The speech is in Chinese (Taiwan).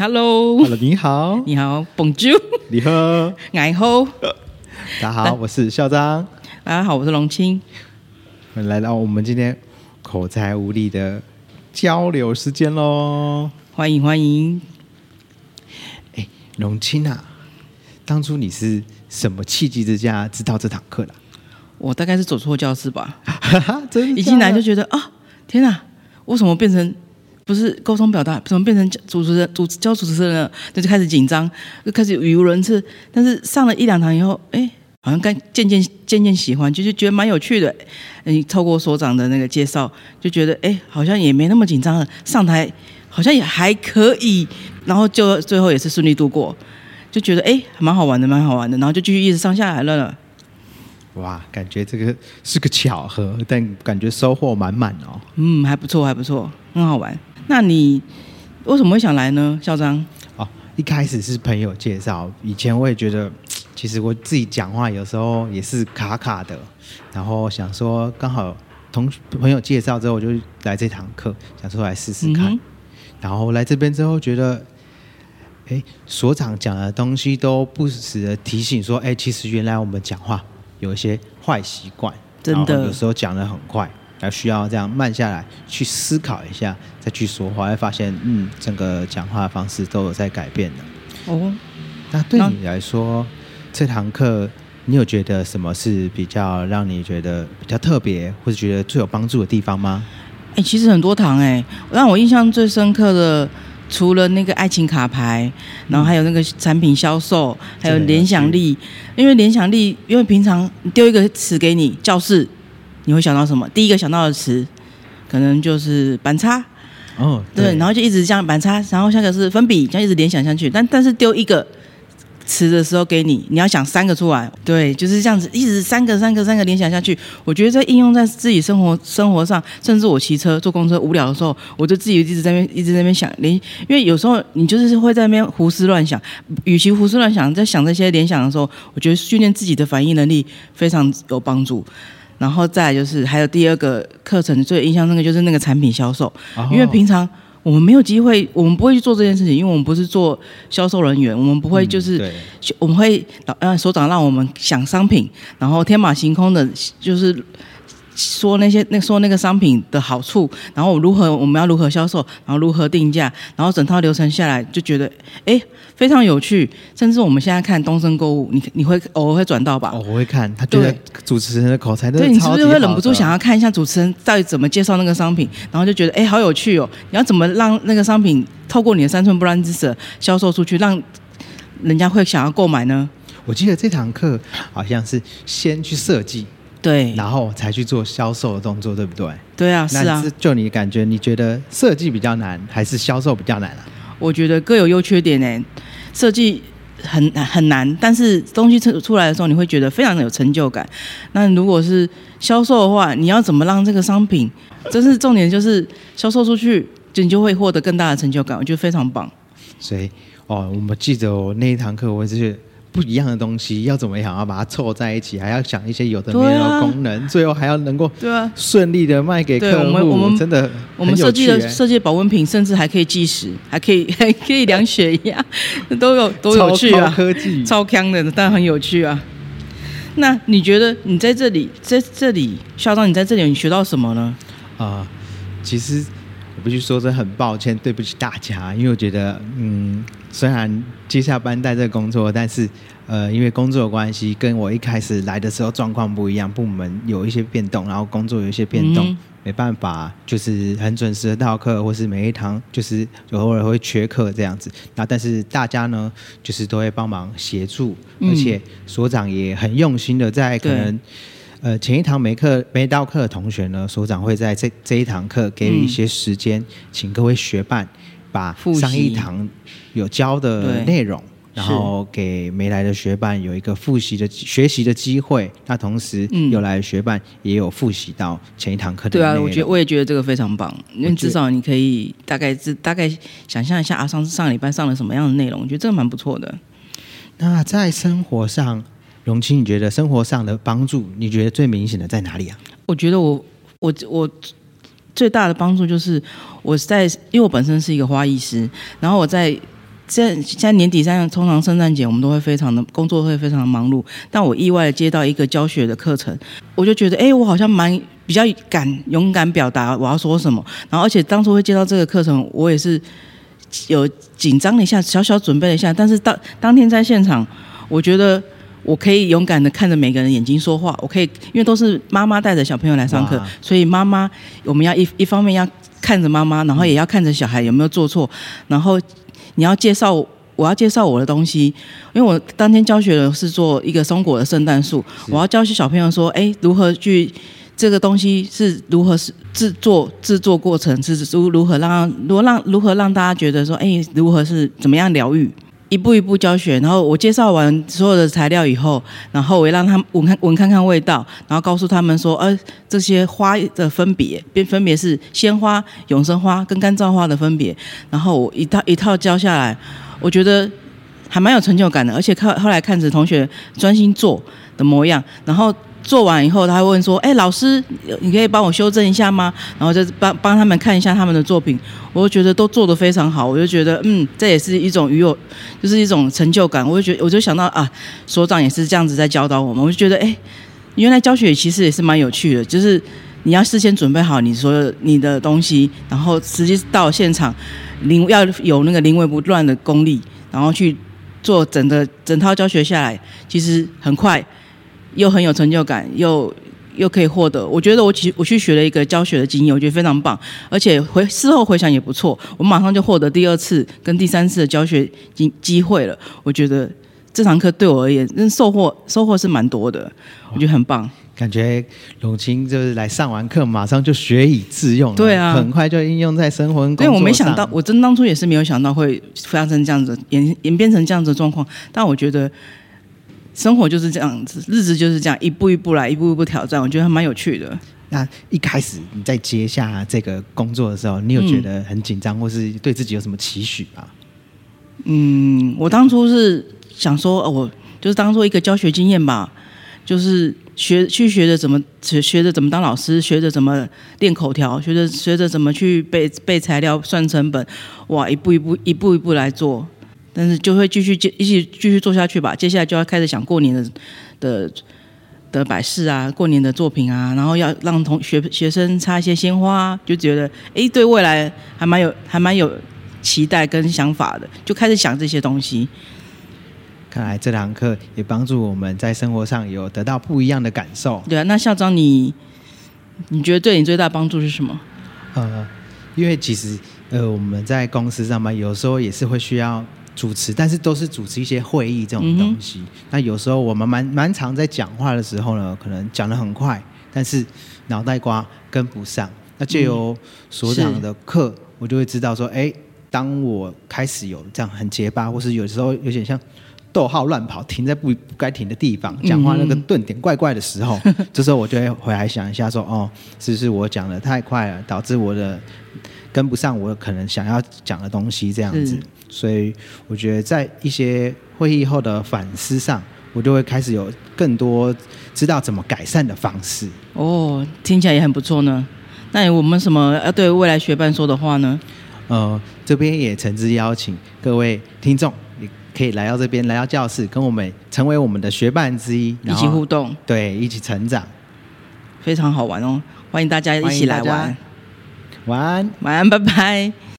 Hello 你好，你好 Bonjour 你好，Bonjour、你好，大家好，我是孝章，大家好，我是容青，來到我們今天口才五力的交流時間嘍，歡迎歡迎，哎，容青啊，當初你是什麼契機之下知道這堂課的？我大概是走錯教室吧，哈哈， 一進來就覺得啊、哦，天哪，為什麼變成？不是溝通表達，怎麼變成主持人、主教主持人了？那就開始緊張，就開始語無倫次。但是上了一兩堂以後，哎、欸，好像剛漸漸漸漸喜歡，就是覺得蠻有趣的。嗯、欸，透過所長的那個介紹，就覺得哎、欸，好像也沒那麼緊張了，上台好像也還可以。然後就最後也是順利度過，就覺得哎，蠻好玩的，蠻好玩的。然後就繼續一直上下來了。哇，感覺這個是個巧合，但感覺收穫滿滿哦。嗯，還不錯，還不錯，很好玩。那你為什麼會想來呢，孝章哦？oh, 一開始是朋友介紹，以前我也覺得，其實我自己講話有時候也是卡卡的，然後想說，剛好同朋友介紹之後，我就來這堂課，想說來試試看。嗯、哼然後來這邊之後，覺得，哎，所長講的東西都不時的提醒說，哎，其實原來我們講話有一些壞習慣，真的，有時候講的很快。要需要這樣慢下來，去思考一下，再去說話，會發現，嗯，整個講話的方式都有在改變的。哦，那對你來說，啊、這堂課你有覺得什麼是比較讓你覺得比較特別，或是覺得最有幫助的地方嗎？哎、欸，其實很多堂哎、欸，讓我印象最深刻的，除了那個愛情卡牌，嗯、然後還有那個產品銷售，還有聯想力，因為聯想力，因為平常你丟一個詞給你，教室。你會想到什麼？第一個想到的詞，可能就是板擦。哦、oh, 對，對，然後就一直這樣板擦，然後下個是粉筆，這樣一直聯想下去。但但是丟一個詞的時候給你，你要想三個出來。對，就是這樣子，一直三個三個三個聯想下去。我覺得在應用在自己生活生活上，甚至我騎車坐公車無聊的時候，我就自己一直在那邊一直在那邊想聯，因為有時候你就是會在那邊胡思亂想。與其胡思亂想，在想這些聯想的時候，我覺得訓練自己的反應能力非常有幫助。然後再就是還有第二個課程最有印象深刻就是那個產品銷售，啊哦、因為平常我們沒有機會，我們不會去做這件事情，因為我們不是做銷售人員，我們不會就是，嗯、我們會，嗯、呃，所長讓我們想商品，然後天馬行空的，就是。說那些那說那個商品的好處，然後如何我們要如何銷售，然後如何定價，然後整套流程下來就覺得哎非常有趣，甚至我們現在看東升購物，你你會偶爾會轉到吧？哦，我會看，他覺得主持人的口才都超級好的。對，對，你是不是會忍不住想要看一下主持人到底怎麼介紹那個商品，然後就覺得哎好有趣哦，你要怎麼讓那個商品透過你的三寸不爛之舌銷售出去，讓人家會想要購買呢？我記得這堂課好像是先去設計。對，然後才去做銷售的動作，對不對？對啊，那是，是啊。就你的感覺，你覺得設計比較難，還是銷售比較難啊？我覺得各有優缺點誒。設計很很難，但是東西出出來的時候，你會覺得非常有成就感。那如果是銷售的話，你要怎麼讓這個商品？就是重點就是銷售出去，就你就會獲得更大的成就感，我覺得非常棒。所以，哦，我們記得我那一堂課，我也是。不一樣的東西要怎麼樣，要把它湊在一起，還要想一些有的沒有的功能，啊、最後還要能夠順利的賣給客戶。我們真的，我們設計的設計、欸、保溫瓶，甚至還可以計時，還可以還可以量血壓，都有都有趣啊，科技超康的，但很有趣啊。那你覺得你在這裡，在這裡，校長，你在這裡，你學到什麼呢？啊、呃，其實。我不去說這很抱歉，對不起大家，因為我覺得，嗯，雖然接下班帶這個工作，但是，呃，因為工作關係，跟我一開始來的時候狀況不一樣，部門有一些變動，然後工作有一些變動，嗯、哼沒辦法，就是很準時的到課，或是每一堂就是偶爾會缺課這樣子。那但是大家呢，就是都會幫忙協助，嗯、而且所長也很用心的在可能。呃，前一堂沒課、沒到課的同學呢，所長會在這這一堂課給予一些時間，嗯、請各位學伴把上一堂有教的內容，然後給沒來的學伴有一個複習的學習的機會。那同時，有來的學伴也有複習到前一堂課的內容，嗯。對啊，我覺得我也覺得這個非常棒，因為至少你可以大概是大概想象一下啊，上上禮拜上了什麼樣的內容，我覺得這個蠻不錯的。那在生活上。容青，你覺得生活上的幫助，你覺得最明顯的在哪裡啊？我覺得我我我最大的幫助就是我在，因為我本身是一個花藝師，然後我在現在現在年底這樣，通常聖誕節我們都會非常的工作會非常忙碌，但我意外接到一個教學的課程，我就覺得哎，我好像蠻比較敢勇敢表達我要說什麼，然後而且當初會接到這個課程，我也是有緊張了一下，小小準備了一下，但是當當天在現場，我覺得。我可以勇敢的看着每個人眼睛說話，我可以，因為都是媽媽帶着小朋友來上課，哇所以媽媽我們要一一方面要看着媽媽，然後也要看着小孩有沒有做錯，然後你要介紹，我要介紹我的東西，因為我當天教學的是做一個松果的聖誕樹，是我要教學小朋友說，哎、欸，如何去這個東西是如何是製作製作過程是如如何讓如果讓如何讓大家覺得說，哎、欸，如何是怎麼樣療癒。一步一步教學，然後我介紹完所有的材料以後，然後我也讓他們聞看聞看看味道，然後告訴他們說：“呃、啊，這些花的分別，便分別是鮮花、永生花跟乾燥花的分別。”然後我一套一套教下來，我覺得還蠻有成就感的，而且看後來看着同學專心做的模樣，然後。做完以後，他會問說：“哎，老師，你可以幫我修正一下嗎？”然後就幫幫他們看一下他們的作品，我就覺得都做得非常好，我就覺得，嗯，這也是一種與我，就是一種成就感。我就覺得，我就想到啊，所長也是這樣子在教導我們，我就覺得，哎，原來教學其實也是蠻有趣的，就是你要事先準備好你所有你的東西，然後直接到現場，臨要有那個臨危不亂的功力，然後去做整個整套教學下來，其實很快。又很有成就感，又又可以獲得。我覺得我其實我去學了一個教學的經驗，我覺得非常棒，而且回事後回想也不錯。我馬上就獲得第二次跟第三次的教學機機會了。我覺得這堂課對我而言，那收穫收穫是蠻多的，我覺得很棒。感覺容青就是來上完課，馬上就學以致用，對啊，很快就應用在生活跟工作上。因為我沒想到，我真當初也是沒有想到會發生這樣子演演變成這樣子的狀況，但我覺得。生活就是這樣子，日子就是這樣一步一步來，一步一步挑戰，我覺得還蠻有趣的。那一開始你在接下這個工作的時候，你有覺得很緊張，嗯、或是對自己有什麼期許吧？嗯，我當初是想說，哦、我就是當做一個教學經驗吧，就是學去學着怎麼學，學着怎麼當老師，學着怎麼練口條，學着，學着怎麼去背背材料、算成本。哇，一步一步一步一步來做。但是就會繼續接一起繼續做下去吧。接下來就要開始想過年的的的擺飾啊，過年的作品啊，然後要讓同學學生插一些鮮花啊，就覺得誒、欸，對未來還蠻有還蠻有期待跟想法的，就開始想這些東西。看來這堂課也幫助我們在生活上有得到不一樣的感受。對啊，那校長你你覺得對你最大幫助是什麼？呃、嗯，因為其實呃我們在公司上班有時候也是會需要。主持，但是都是主持一些會議這種東西。嗯、哼那有時候我們蠻蠻，蠻常在講話的時候呢，可能講的很快，但是腦袋瓜跟不上。那借由所長的課，嗯、我就會知道說，哎，當我開始有這樣很結巴，或是有時候有點像。逗號亂跑，停在不該停的地方，講話那個頓點怪怪的時候，嗯、哼 這時候我就會回來想一下說，說哦，是不是我講得太快了，導致我的跟不上我可能想要講的東西這樣子？是所以我覺得在一些會議後的反思上，我就會開始有更多知道怎麼改善的方式。哦，聽起來也很不錯呢。那我們什麼要對未來學伴說的話呢？呃，這邊也誠摯邀請各位聽眾。可以來到這邊，來到教室，跟我們成為我們的學伴之一，一起互動，對，一起成長，非常好玩哦！歡迎大家一起來玩，晚安，晚安，拜拜。